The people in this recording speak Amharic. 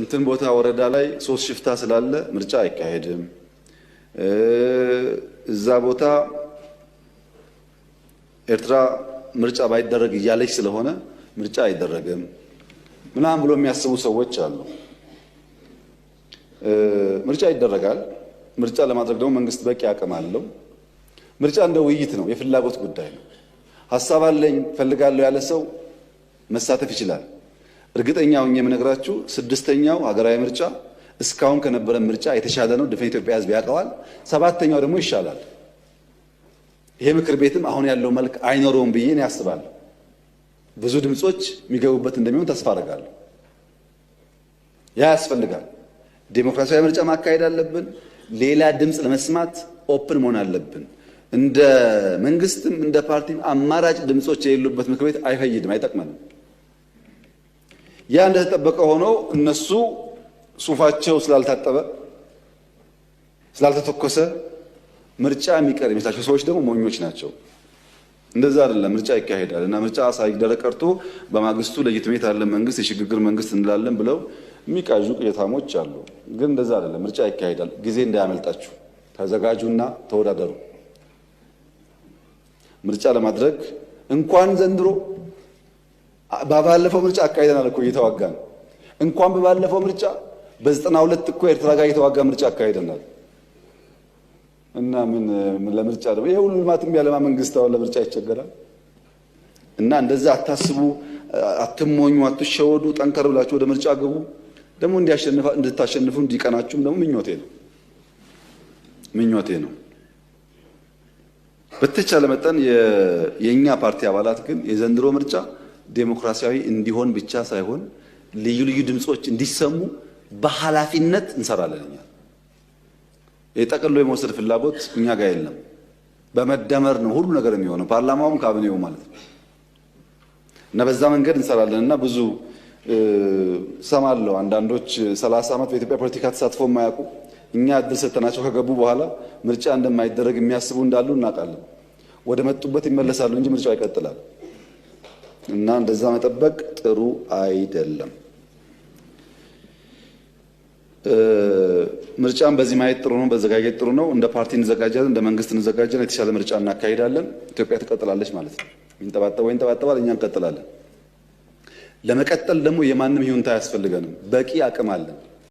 እንትን ቦታ ወረዳ ላይ ሶስት ሽፍታ ስላለ ምርጫ አይካሄድም፣ እዛ ቦታ ኤርትራ ምርጫ ባይደረግ እያለች ስለሆነ ምርጫ አይደረግም ምናምን ብሎ የሚያስቡ ሰዎች አሉ። ምርጫ ይደረጋል። ምርጫ ለማድረግ ደግሞ መንግስት በቂ አቅም አለው። ምርጫ እንደ ውይይት ነው፣ የፍላጎት ጉዳይ ነው። ሀሳብ አለኝ ፈልጋለሁ ያለ ሰው መሳተፍ ይችላል። እርግጠኛው የምነግራችሁ ስድስተኛው ሀገራዊ ምርጫ እስካሁን ከነበረ ምርጫ የተሻለ ነው። ድፍን ኢትዮጵያ ህዝብ ያውቀዋል። ሰባተኛው ደግሞ ይሻላል። ይሄ ምክር ቤትም አሁን ያለው መልክ አይኖረውም ብዬ ነው ያስባለሁ። ብዙ ድምጾች የሚገቡበት እንደሚሆን ተስፋ አደርጋለሁ። ያ ያስፈልጋል። ዴሞክራሲያዊ ምርጫ ማካሄድ አለብን። ሌላ ድምፅ ለመስማት ኦፕን መሆን አለብን። እንደ መንግስትም እንደ ፓርቲም አማራጭ ድምጾች የሌሉበት ምክር ቤት አይፈይድም፣ አይጠቅመንም። ያ እንደተጠበቀ ሆኖ እነሱ ሱፋቸው ስላልታጠበ ስላልተተኮሰ ምርጫ የሚቀር ይመስላቸው ሰዎች ደግሞ ሞኞች ናቸው። እንደዛ አይደለም። ምርጫ ይካሄዳል እና ምርጫ ሳይደረግ ቀርቶ በማግስቱ ለየትሜት አለ መንግስት የሽግግር መንግስት እንላለን ብለው የሚቃዡ ቅዠታሞች አሉ። ግን እንደዛ አይደለም። ምርጫ ይካሄዳል። ጊዜ እንዳያመልጣችሁ ተዘጋጁና ተወዳደሩ። ምርጫ ለማድረግ እንኳን ዘንድሮ በባለፈው ምርጫ አካሄደናል እኮ እየተዋጋን እንኳን በባለፈው ምርጫ በዘጠና ሁለት እኮ ኤርትራ ጋር እየተዋጋ ምርጫ አካሄደናል። እና ምን ለምርጫ ደግሞ ይሄ ሁሉ ልማትም ያለማ መንግስት አሁን ለምርጫ ይቸገራል። እና እንደዛ አታስቡ፣ አትሞኙ፣ አትሸወዱ። ጠንከር ብላችሁ ወደ ምርጫ ግቡ። ደግሞ እንዲያሸንፋ እንድታሸንፉ እንዲቀናችሁም ደግሞ ምኞቴ ነው ምኞቴ ነው። በተቻለ መጠን የእኛ ፓርቲ አባላት ግን የዘንድሮ ምርጫ ዴሞክራሲያዊ እንዲሆን ብቻ ሳይሆን ልዩ ልዩ ድምፆች እንዲሰሙ በኃላፊነት እንሰራለን። እኛ የጠቅሎ የመውሰድ ፍላጎት እኛ ጋር የለም። በመደመር ነው ሁሉ ነገር የሚሆነው ፓርላማውም ካቢኔው ማለት ነው። እና በዛ መንገድ እንሰራለን እና ብዙ ሰማለሁ። አንዳንዶች ሰላሳ ዓመት በኢትዮጵያ ፖለቲካ ተሳትፎ የማያውቁ እኛ እድል ሰተናቸው ከገቡ በኋላ ምርጫ እንደማይደረግ የሚያስቡ እንዳሉ እናውቃለን። ወደ መጡበት ይመለሳሉ እንጂ ምርጫው ይቀጥላል። እና እንደዛ መጠበቅ ጥሩ አይደለም። ምርጫን በዚህ ማየት ጥሩ ነው፣ በዘጋጀት ጥሩ ነው። እንደ ፓርቲ እንዘጋጃለን፣ እንደ መንግስት እንዘጋጃለን፣ የተሻለ ምርጫ እናካሂዳለን። ኢትዮጵያ ትቀጥላለች ማለት ነው። ይንጠባጠበው ይንጠባጠባል፣ እኛ እንቀጥላለን። ለመቀጠል ደግሞ የማንም ይሁንታ አያስፈልገንም። በቂ አቅም አለን።